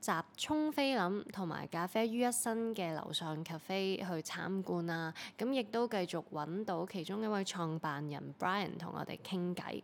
集沖菲林同埋咖啡於一身嘅樓上 cafe 去參觀啊！咁亦都繼續揾到其中一位創辦人 Brian 同我哋傾偈。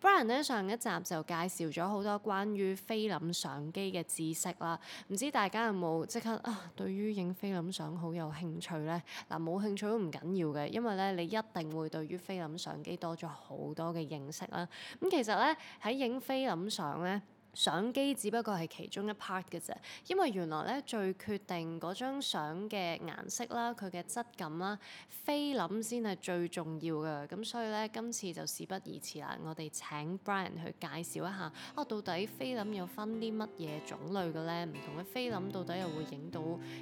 Brian 咧上一集就介紹咗好多關於菲林相機嘅知識啦。唔知大家有冇即刻啊？對於影菲林相好有興趣呢？嗱、啊，冇興趣都唔緊要嘅，因為咧你一定會對於菲林相機多咗好多嘅認識啦。咁、嗯、其實咧喺影菲林相咧。相機只不過係其中一 part 嘅啫，因為原來咧最決定嗰張相嘅顏色啦、佢嘅質感啦， 菲林先係最重要嘅。咁所以咧今次就事不宜遲啦，我哋請 Brian 去介紹一下啊，到底菲林有分啲乜嘢種類嘅咧？唔同嘅菲林到底又會影到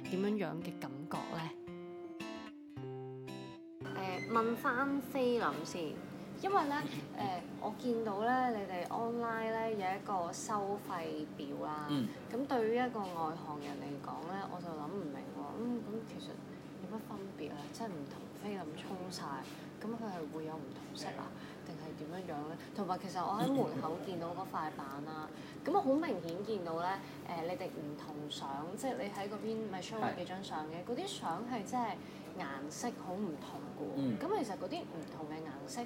點樣樣嘅感覺咧？誒，問返菲林先。因為咧，誒、呃、我見到咧，你哋 online 咧有一個收費表啦。咁、嗯、對於一個外行人嚟講咧，我就諗唔明喎。咁、嗯、其實有乜分別啊？即係唔同菲林沖曬。咁佢係會有唔同色啊？定係點樣樣咧？同埋其實我喺門口見到嗰塊板啊，咁我好明顯見到咧，誒、呃、你哋唔同相，即係你喺嗰邊咪 show、嗯、幾張相嘅，嗰啲相係真係顏色好唔同嘅。咁、嗯、其實嗰啲唔同嘅顏色係，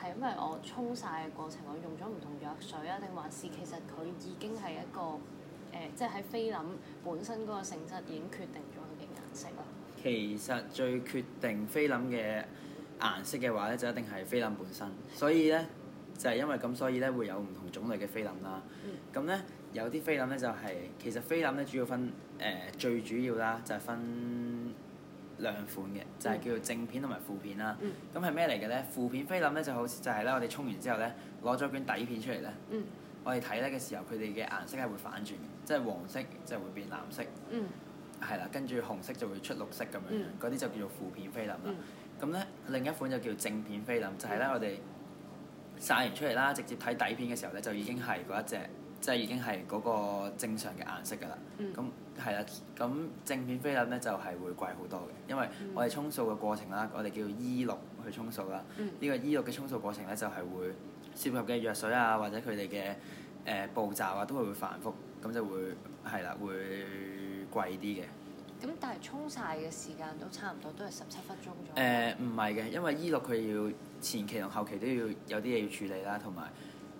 係因為我沖曬嘅過程，我用咗唔同藥水啊，定還是其實佢已經係一個誒，即係喺菲林本身嗰個性質已經決定咗佢嘅顏色。其實最決定菲林嘅顏色嘅話咧，就一定係菲林本身。所以咧，就係因為咁，所以咧會有唔同種類嘅菲林啦。咁咧有啲菲林咧就係，其實菲林咧主要分誒、呃、最主要啦，就係分。兩款嘅就係、是、叫做正片同埋負片啦。咁係咩嚟嘅呢？負片菲林咧就好似就係咧，我哋沖完之後咧攞咗片底片出嚟咧。嗯、我哋睇咧嘅時候，佢哋嘅顏色係會反轉嘅，即、就、係、是、黃色即係、就是、會變藍色，係啦、嗯。跟住紅色就會出綠色咁樣嗰啲就叫做負片菲林啦。咁咧、嗯、另一款就叫做正片菲林，就係、是、咧我哋曬完出嚟啦，直接睇底片嘅時候咧，就已經係嗰一隻。即係已經係嗰個正常嘅顏色㗎啦，咁係啦，咁正片菲林咧就係會貴好多嘅，因為我哋沖數嘅過程啦，我哋叫 E、e、6去沖數啦，呢、嗯、個 E6 嘅沖數過程咧就係會涉及嘅藥水啊，或者佢哋嘅誒步驟啊，都係會繁複，咁就會係啦，會貴啲嘅。咁但係沖晒嘅時間都差唔多，都係十七分鐘左右。誒唔係嘅，因為 E6 佢要前期同後期都要有啲嘢要處理啦，同埋。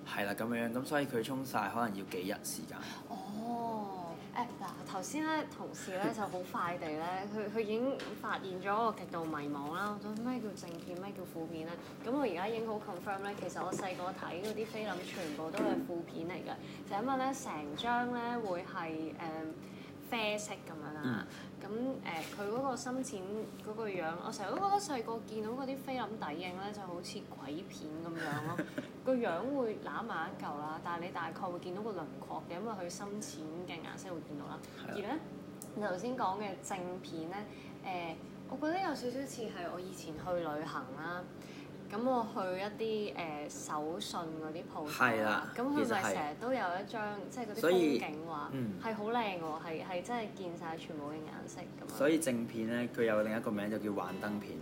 係啦，咁樣咁所以佢沖曬可能要幾日時間。哦，誒、欸、嗱，頭先咧同事咧就好快地咧，佢佢 已經發現咗我極度迷惘啦。我咁咩叫正片，咩叫負片咧？咁我而家已經好 confirm 咧，其實我細個睇嗰啲菲林全部都係負片嚟嘅，就是、因為咧成張咧會係誒。呃啡色咁樣啦，咁誒佢嗰個深淺嗰個樣，我成日都覺得細個見到嗰啲菲林底影咧就好似鬼片咁樣咯，個 樣會攬埋一嚿啦，但係你大概會見到個輪廓嘅，因為佢深淺嘅顏色會見到啦。的而咧你頭先講嘅正片咧，誒、呃、我覺得有少少似係我以前去旅行啦。咁我去一啲誒、呃、手信嗰啲鋪頭啦，咁佢咪成日都有一張，即係嗰啲風景畫，係好靚喎，係係真係見晒全部嘅顏色咁。所以正片咧，佢有另一個名就叫幻燈片，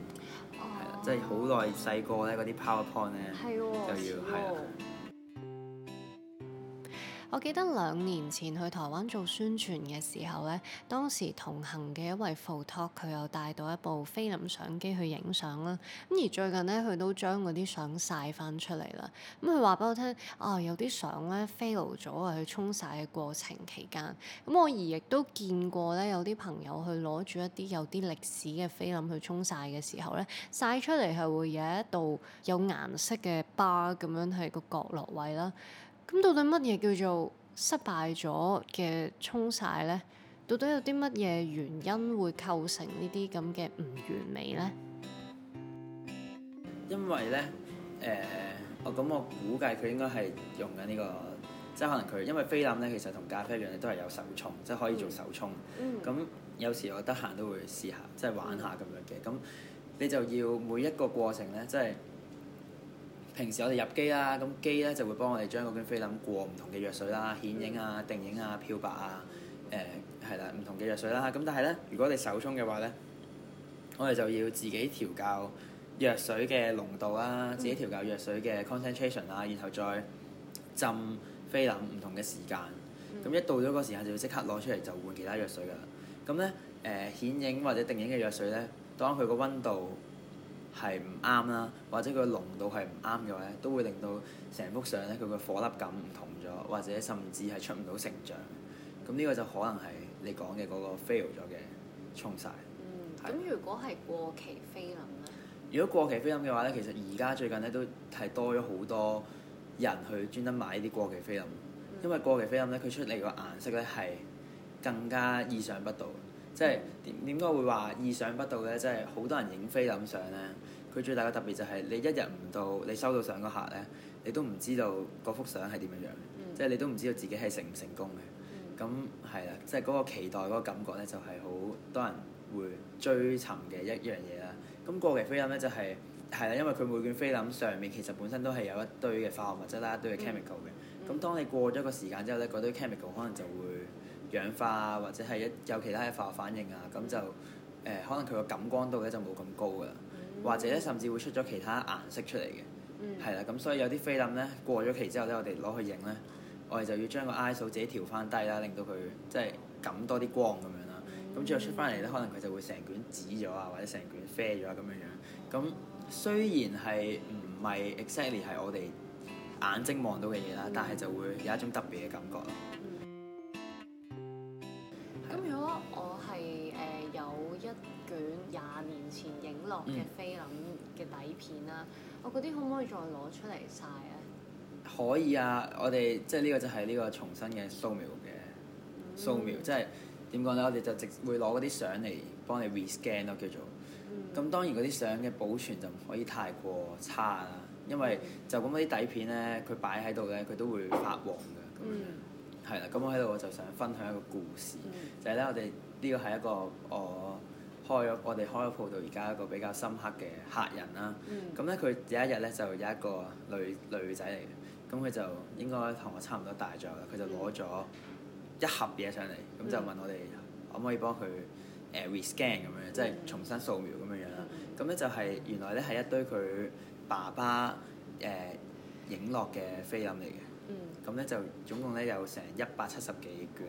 係啦、哦，即、就、係、是、好耐細個咧嗰啲 PowerPoint 咧，係喎，就要。我記得兩年前去台灣做宣傳嘅時候咧，當時同行嘅一位浮托，佢又帶到一部菲林相機去影相啦。咁而最近咧，佢都將嗰啲相晒翻出嚟啦。咁佢話俾我聽，啊、哦、有啲相咧 fail 咗啊！佢沖晒嘅過程期間，咁我而亦都見過咧，有啲朋友去攞住一啲有啲歷史嘅菲林去沖晒嘅時候咧，晒出嚟係會有一度有顏色嘅疤咁樣喺個角落位啦。咁到底乜嘢叫做失敗咗嘅沖曬呢？到底有啲乜嘢原因會構成呢啲咁嘅唔完美呢？因為呢，誒、呃，我咁我估計佢應該係用緊呢個，即係可能佢因為菲林呢，其實同咖啡一樣，都係有手沖，即係可以做手沖。嗯。咁有時我得閒都會試下，即係玩下咁樣嘅。咁你就要每一個過程呢，即係。平時我哋入機啦，咁機咧就會幫我哋將嗰卷菲林、um、過唔同嘅藥水啦，嗯、顯影啊、定影啊、漂白啊，誒係啦，唔同嘅藥水啦。咁、嗯、但係咧，如果你手沖嘅話咧，我哋就要自己調校藥水嘅濃度啦，嗯、自己調校藥水嘅 concentration 啦，然後再浸菲林唔同嘅時間。咁、嗯、一到咗嗰時間，就要即刻攞出嚟就換其他藥水㗎啦。咁咧誒顯影或者定影嘅藥水咧，當佢個温度係唔啱啦，或者佢濃度係唔啱嘅話咧，都會令到成幅相咧佢個顆粒感唔同咗，或者甚至係出唔到成像。咁呢個就可能係你講嘅嗰個 fail 咗嘅沖曬。嗯，咁如果係過期菲林咧？如果過期菲林嘅話咧，其實而家最近咧都係多咗好多人去專登買啲過期菲林，因為過期菲林咧佢出嚟個顏色咧係更加意想不到。即係點，點解會話意想不到呢？即係好多人影菲林相呢，佢最大嘅特別就係你一日唔到，你收到相嗰刻呢，你都唔知道嗰幅相係點樣樣，嗯、即係你都唔知道自己係成唔成功嘅。咁係啦，即係嗰個期待嗰、嗰個感覺呢，就係好多人會追尋嘅一樣嘢啦。咁過期菲林呢、就係，就係係啦，因為佢每卷菲林上面其實本身都係有一堆嘅化學物質啦，一堆嘅 chemical 嘅。咁、嗯、當你過咗個時間之後呢，嗰、嗰個、堆 chemical 可能就會氧化啊，或者係一有其他嘅化學反應啊，咁就誒、呃、可能佢個感光度咧就冇咁高啦，mm hmm. 或者咧甚至會出咗其他顏色出嚟嘅，係啦、mm，咁、hmm. 所以有啲菲林咧過咗期之後咧，我哋攞去影咧，我哋就要將個 ISO 自己調翻低啦，令到佢即係感多啲光咁樣啦，咁之、mm hmm. 後出翻嚟咧，可能佢就會成卷紫咗啊，或者成卷啡咗咁樣樣，咁雖然係唔係 exactly 係我哋眼睛望到嘅嘢啦，mm hmm. 但係就會有一種特別嘅感覺囉。廿年前影落嘅菲林嘅底片啦，嗯、我嗰啲可唔可以再攞出嚟晒啊？可以啊，我哋即係呢個就係呢個重新嘅掃描嘅掃、嗯、描，即係點講咧？我哋就直會攞嗰啲相嚟幫你 rescan 咯，叫做咁。嗯、當然嗰啲相嘅保存就唔可以太過差啦，因為就咁嗰啲底片咧，佢擺喺度咧，佢都會發黃嘅。係啦，咁、嗯、我喺度我就想分享一個故事，嗯、就係咧，我哋呢個係一個我。開咗我哋開咗鋪到而家一個比較深刻嘅客人啦，咁咧佢有一日咧就有一個女女仔嚟，嘅。咁佢就應該同我差唔多大咗啦，佢就攞咗一盒嘢上嚟，咁、嗯、就問我哋可唔可以幫佢誒、呃、re-scan 咁樣，即係、嗯、重新掃描咁樣樣啦，咁咧、嗯、就係原來咧係一堆佢爸爸誒影落嘅菲林嚟嘅，咁、呃、咧、嗯、就總共咧有成一百七十幾卷。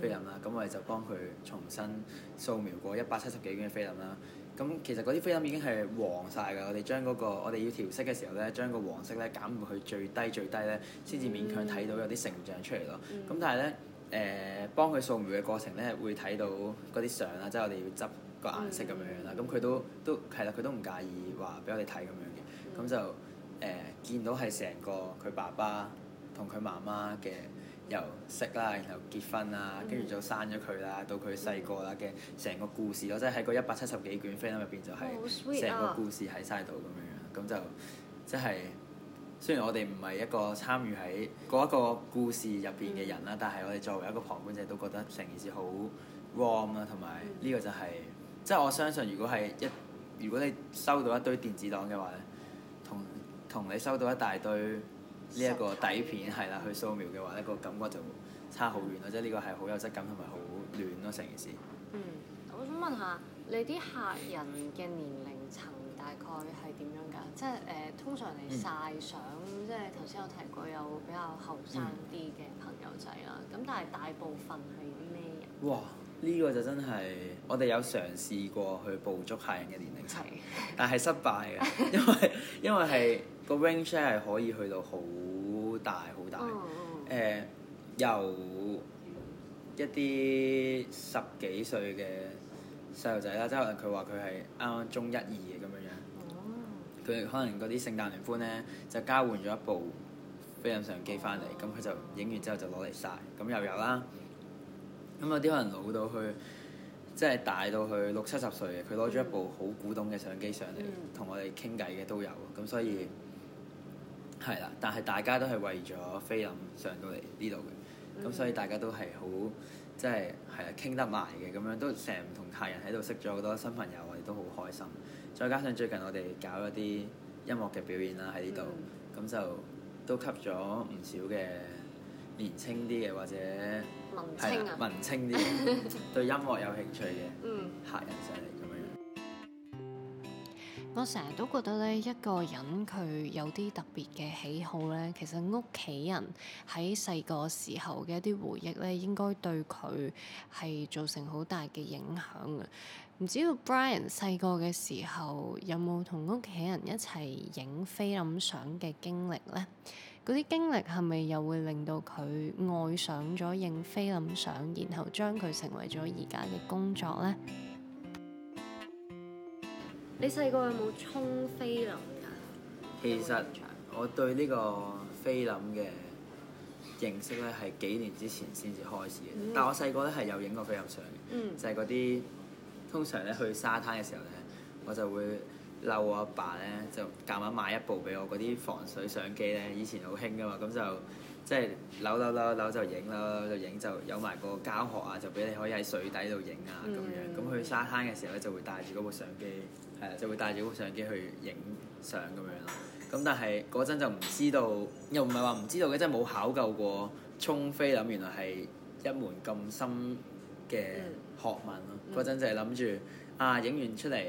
菲林、mm hmm. 啦，咁我哋就幫佢重新掃描過一百七十幾卷嘅菲林啦。咁其實嗰啲菲林已經係黃晒㗎，我哋將嗰個我哋要調色嘅時候咧，將個黃色咧減去最低最低咧，先至勉強睇到有啲成像出嚟咯。咁、mm hmm. 但係咧，誒、呃、幫佢掃描嘅過程咧，會睇到嗰啲相啦，即、就、係、是、我哋要執個顏色咁樣樣啦。咁佢、mm hmm. 都都係啦，佢都唔介意話俾我哋睇咁樣嘅。咁就誒、呃、見到係成個佢爸爸同佢媽媽嘅。又識啦，然後結婚啦，跟住就生咗佢啦，到佢細個啦嘅成個故事咯，即係喺個一百七十幾卷菲林入邊就係成個故事喺晒度咁樣，咁就即係、就是、雖然我哋唔係一個參與喺嗰一個故事入邊嘅人啦，嗯、但係我哋作為一個旁觀者都覺得成件事好 warm 啦，同埋呢個就係即係我相信如果係一如果你收到一堆電子檔嘅話，同同你收到一大堆。呢一實個底片係啦，嗯、去掃描嘅話咧，這個感覺就差好遠咯，即係呢個係好有質感同埋好暖咯，成件事。嗯，我想問下你啲客人嘅年齡層大概係點樣㗎？即係誒、呃，通常你晒相，嗯、即係頭先有提過有比較後生啲嘅朋友仔啦，咁、嗯、但係大部分係咩人？哇！呢、這個就真係我哋有嘗試過去捕捉客人嘅年齡層，的 但係失敗嘅，因為因為係。個 range 係可以去到好大好大，誒由、哦呃、一啲十幾歲嘅細路仔啦，即係、哦、可能佢話佢係啱啱中一二嘅咁樣樣，佢可能嗰啲聖誕聯歡咧就交換咗一部飛印相機翻嚟，咁佢、哦、就影完之後就攞嚟晒。咁又有啦。咁有啲可能老到去，即係大到去六七十歲嘅，佢攞咗一部好古董嘅相機上嚟，同、嗯、我哋傾偈嘅都有，咁所以。係啦，但係大家都係為咗菲林上到嚟呢度嘅，咁、嗯、所以大家都係好即係係啊傾得埋嘅，咁樣都成日唔同客人喺度識咗好多新朋友，我哋都好開心。再加上最近我哋搞一啲音樂嘅表演啦喺呢度，咁、嗯、就都吸咗唔少嘅年輕啲嘅或者文青啊,啊文青啲嘅 對音樂有興趣嘅客人上嚟。嗯嗯我成日都覺得咧，一個人佢有啲特別嘅喜好咧，其實屋企人喺細個時候嘅一啲回憶咧，應該對佢係造成好大嘅影響嘅。唔知道 Brian 細個嘅時候有冇同屋企人一齊影菲林相嘅經歷呢？嗰啲經歷係咪又會令到佢愛上咗影菲林相，然後將佢成為咗而家嘅工作呢？你細個有冇沖菲林㗎？其實，我對呢個菲林嘅認識咧，係幾年之前先至開始嘅。嗯、但係我細個咧係有影過菲林相嘅，嗯、就係嗰啲通常咧去沙灘嘅時候咧，我就會嬲我阿爸咧，就夾硬買一部俾我嗰啲防水相機咧，以前好興㗎嘛，咁就。即係扭扭扭扭就影啦，就影就有埋個膠殼啊，就俾你可以喺水底度影啊咁樣。咁去沙灘嘅時候咧、mm hmm.，就會帶住嗰部相機，係啊，就會帶住嗰部相機去影相咁樣咯。咁但係嗰陣就唔知道，又唔係話唔知道嘅，真係冇考究過沖菲林原來係一門咁深嘅學問咯。嗰陣、mm hmm. 就係諗住啊，影完出嚟。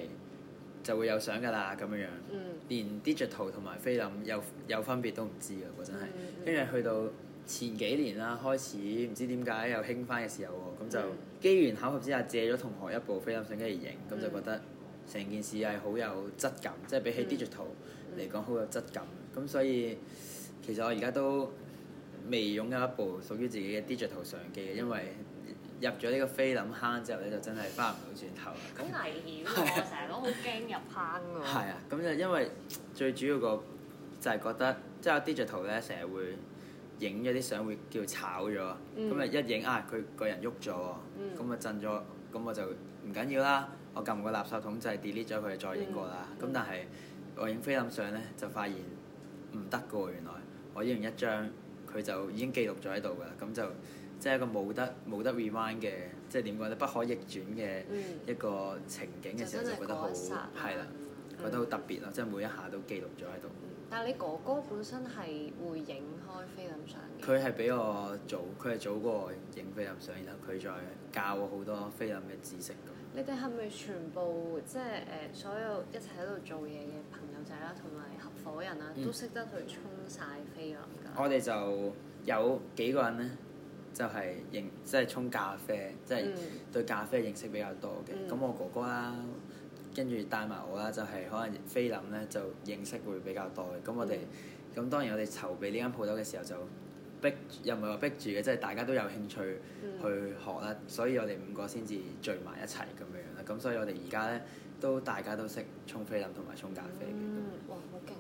就會有相㗎啦，咁樣樣，嗯、連 digital 同埋菲林有有分別都唔知㗎，真係。跟住、嗯嗯、去到前幾年啦，開始唔知點解又興翻嘅時候喎，咁、嗯、就機緣巧合之下借咗同學一部菲林相機嚟影，咁、嗯、就覺得成件事係好有質感，即係、嗯、比起 digital 嚟講好有質感。咁、嗯嗯、所以其實我而家都未擁有一部屬於自己嘅 digital 相機嘅，嗯、因為。入咗呢個菲林坑之後咧，你就真係翻唔到轉頭啦！好危險喎，成日 都好驚入坑㗎喎。係 啊，咁就因為最主要個就係覺得，即係我 digital 咧，成日會影咗啲相會叫炒咗。咁啊、嗯、一影啊，佢個人喐咗，咁啊、嗯、震咗，咁我就唔緊要啦。我撳個垃圾桶就係、是、delete 咗佢，再影過啦。咁、嗯、但係我影菲林相咧，就發現唔得㗎喎。原來我影完一,一張，佢就已經記錄咗喺度㗎啦。咁就，就。即係一個冇得冇得 rewind 嘅，即係點講咧？不可逆轉嘅一個情景嘅、嗯、時候，就覺得好係啦，覺得好特別咯！即係每一下都記錄咗喺度。但係你哥哥本身係會影開菲林相，佢係比我做，佢係早過我影菲林相，然後佢再教我好多菲林嘅知識。咁你哋係咪全部即係誒所有一齊喺度做嘢嘅朋友仔啦，同埋合伙人啦，都識得去沖曬菲林㗎？嗯、 我哋就有幾個人咧。就係認即係沖咖啡，即係對咖啡認識比較多嘅。嗯。咁我哥哥啦，跟住帶埋我啦，就係可能菲林咧，就認識會比較多嘅。嗯。咁我哋咁當然我哋籌備呢間鋪頭嘅時候就逼，又唔係話逼住嘅，即係大家都有興趣去學啦。嗯。所以我哋五個先至聚埋一齊咁樣啦。咁所以我哋而家咧都大家都識沖菲林同埋沖咖啡嘅。嗯，哇，好勁！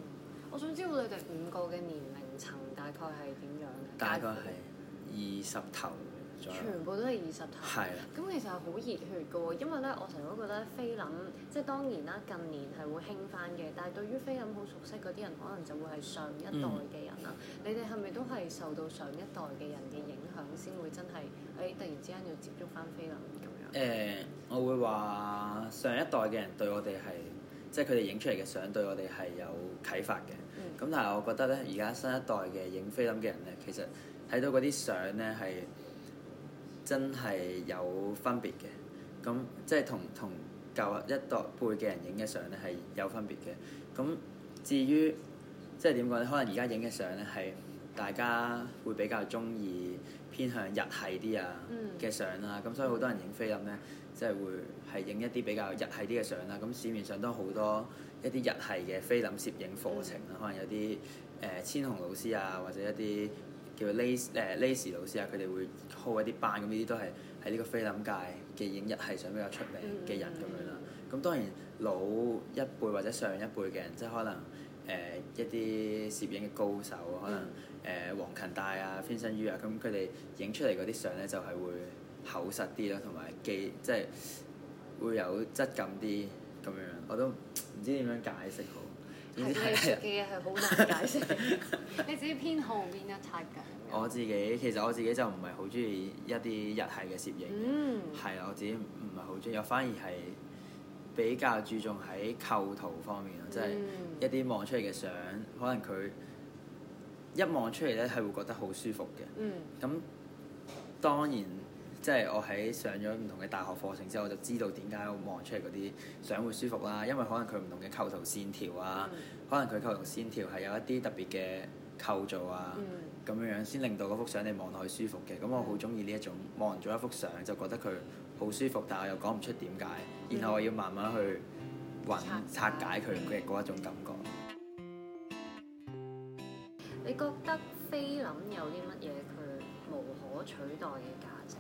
我想知道你哋五個嘅年齡層大概係點樣？大概係。二十頭，全部都係二十頭。係啦的。咁其實係好熱血嘅喎，因為咧，我成日都覺得菲林，即係當然啦，近年係會興翻嘅。但係對於菲林好熟悉嗰啲人，可能就會係上一代嘅人啦。嗯、你哋係咪都係受到上一代嘅人嘅影響，先會真係誒、哎、突然之間要接觸翻菲林？咁樣？誒、欸，我會話上一代嘅人對我哋係，即係佢哋影出嚟嘅相對我哋係有啟發嘅。咁但係我覺得咧，而家新一代嘅影菲林嘅人咧，其實睇到嗰啲相咧係真係有分別嘅。咁即係同同舊一代輩嘅人影嘅相咧係有分別嘅。咁至於即係點講咧？可能而家影嘅相咧係大家會比較鍾意，偏向日系啲啊嘅相啦，咁、嗯、所以好多人影菲林咧，即、就、係、是、會，係影一啲比較日系啲嘅相啦。咁市面上都好多一啲日系嘅菲林攝影課程啦，可能有啲誒千紅老師啊，或者一啲叫 lace 誒 lace 老師啊，佢哋會 hold 一啲班，咁呢啲都係喺呢個菲林界嘅影日系相比較出名嘅人咁樣啦。咁、嗯嗯、當然老一輩或者上一輩嘅人，即、就、係、是、可能。誒、呃、一啲攝影嘅高手，可能誒、嗯呃、黃勤帶啊、Vinson Yu 啊，咁佢哋影出嚟嗰啲相咧，就係會厚實啲咯，同埋幾即係會有質感啲咁樣。我都唔知點樣解釋好，日系嘅係好難解釋。 你只要偏好邊一 type 嘅？我自己其實我自己就唔係好中意一啲日系嘅攝影，嗯，係啊，我自己唔係好中意，我反而係。比較注重喺構圖方面咯，即係一啲望出嚟嘅相，可能佢一望出嚟咧係會覺得好舒服嘅。嗯，咁當然，即係我喺上咗唔同嘅大學課程之後，我就知道點解我望出嚟嗰啲相會舒服啦。因為可能佢唔同嘅構圖線條啊，嗯，可能佢構圖線條係有一啲特別嘅構造啊，嗯，咁樣樣先令到嗰幅相你望落去舒服嘅。咁我好中意呢一種望咗一幅相就覺得佢好舒服，但係我又講唔出點解，嗯、然後我要慢慢去揾拆解佢嘅嗰一種感覺。你覺得菲林有啲乜嘢佢無可取代嘅價值？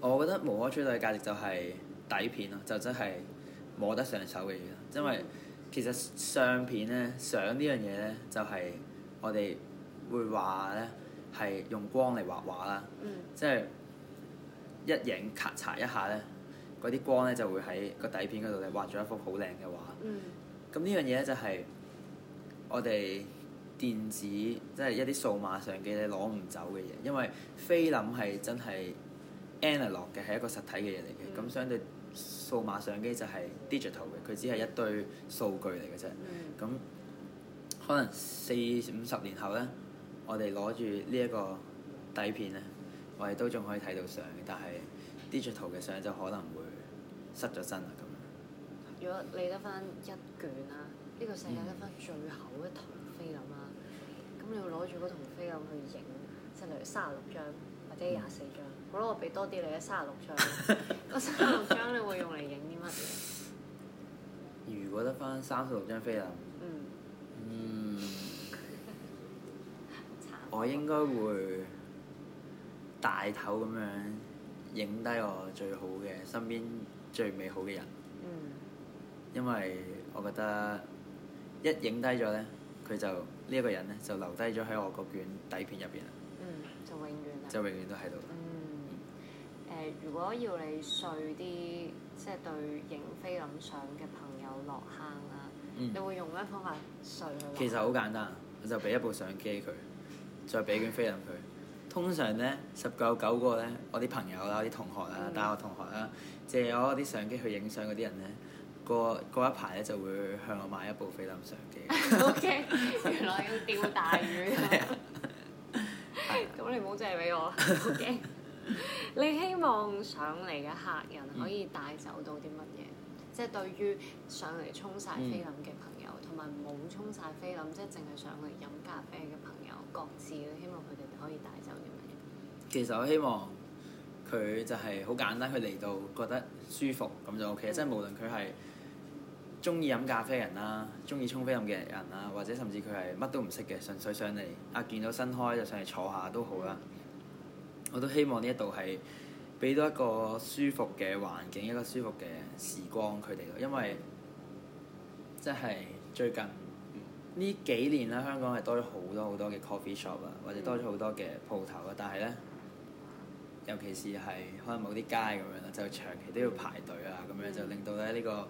我覺得無可取代嘅價值就係底片咯，就真係摸得上手嘅嘢。因為其實相片咧，相呢樣嘢咧，就係我哋會話咧係用光嚟畫畫啦，即係、嗯。即係一影咔嚓一下呢，嗰啲光呢、嗯，就會喺個底片嗰度咧畫咗一幅好靚嘅畫。咁呢樣嘢呢，就係我哋電子即係一啲數碼相機咧攞唔走嘅嘢，因為菲林係真係 analog 嘅，係一個實體嘅嘢嚟嘅。咁、嗯、相對數碼相機就係 digital 嘅，佢只係一堆數據嚟嘅啫。咁、嗯、可能四五十年後呢，我哋攞住呢一個底片呢。我哋都仲可以睇到相嘅，但係 digital 嘅相就可能會失咗真啦咁樣。如果你得翻一卷啦，呢、這個世界得翻最後一筒菲林啦，咁、嗯、你要攞住嗰筒菲林去影，即係例如三十六張或者廿四張。好啦，我俾多啲你啦，三十六張。嗰三十六張你會用嚟影啲乜嘢？如果得翻三十六張菲林，嗯，嗯，好慘。我應該會。大頭咁樣影低我最好嘅身邊最美好嘅人，嗯，因為我覺得一影低咗咧，佢就呢一、這個人咧就留低咗喺我個卷底片入邊啦。嗯，就永遠就永遠都喺度。嗯。誒、呃，如果要你碎啲，即、就、係、是、對影菲林相嘅朋友落坑啊，嗯、你會用咩方法碎佢？其實好簡單，我就俾一部相機佢，再俾卷菲林佢。 通常咧十九九個咧，我啲朋友啦、我啲同學啦，大學、嗯、同學啦，借我啲相機去影相嗰啲人咧，過過一排咧就會向我買一部菲林相機。OK，原來要釣大魚。咁 你唔好借俾我。Okay? OK， 你希望上嚟嘅客人可以帶走到啲乜嘢？嗯 即係對於上嚟沖晒菲林嘅朋友，同埋冇沖晒菲林，即係淨係上嚟飲咖啡嘅朋友，各自都希望佢哋可以帶走啲乜嘢？其實我希望佢就係好簡單，佢嚟到覺得舒服咁就 OK。嗯、即係無論佢係中意飲咖啡人啦，中意沖菲林嘅人啦，或者甚至佢係乜都唔識嘅，純粹上嚟啊，見到新開就上嚟坐下都好啦。我都希望呢一度係。俾到一個舒服嘅環境，一個舒服嘅時光佢哋咯，因為即係最近呢幾年啦，香港係多咗好多好多嘅 coffee shop 啊，或者多咗好多嘅鋪頭啊，但係咧，尤其是，係可能某啲街咁樣啦，就長期都要排隊啊，咁樣就令到咧、這、呢個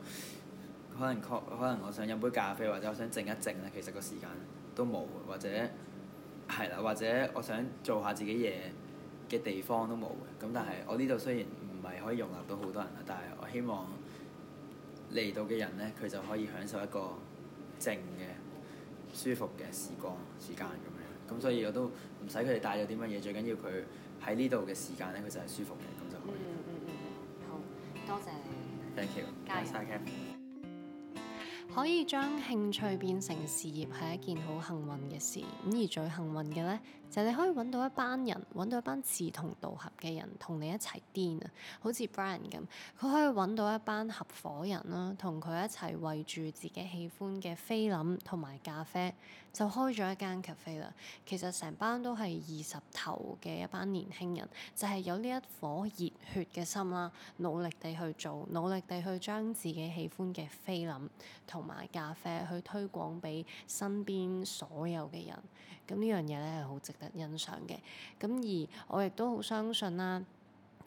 可能可能我想飲杯咖啡，或者我想靜一靜咧，其實個時間都冇，或者係啦，或者我想做下自己嘢。嘅地方都冇嘅，咁但係我呢度雖然唔係可以容納到好多人啦，但係我希望嚟到嘅人咧，佢就可以享受一個靜嘅舒服嘅時光時間咁樣，咁所以我都唔使佢哋帶咗啲乜嘢，最緊要佢喺呢度嘅時間咧，佢就係舒服嘅咁就可以嗯。嗯嗯嗯嗯，好，多謝你。Thank you，加油！Next, I 可以將興趣變成事業係一件好幸運嘅事，咁而最幸運嘅咧。就你可以揾到一班人，揾到一班志同道合嘅人同你一齊癲啊！好似 Brian 咁，佢可以揾到一班合夥人啦，同佢一齊圍住自己喜歡嘅菲林同埋咖啡，就開咗一間 cafe 啦。其實成班都係二十頭嘅一班年輕人，就係、是、有呢一顆熱血嘅心啦，努力地去做，努力地去將自己喜歡嘅菲林同埋咖啡去推廣俾身邊所有嘅人。咁呢樣嘢咧係好值欣賞嘅，咁而我亦都好相信啦，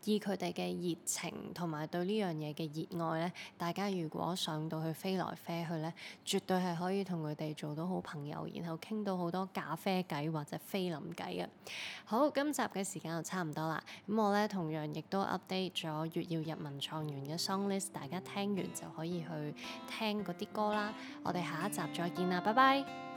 以佢哋嘅熱情同埋對呢樣嘢嘅熱愛呢，大家如果上到去菲來啡去呢，絕對係可以同佢哋做到好朋友，然後傾到好多咖啡偈或者菲林偈嘅。好，今集嘅時間就差唔多啦，咁我呢，同樣亦都 update 咗《粵要入文創園》嘅 song list，大家聽完就可以去聽嗰啲歌啦。我哋下一集再見啦，拜拜。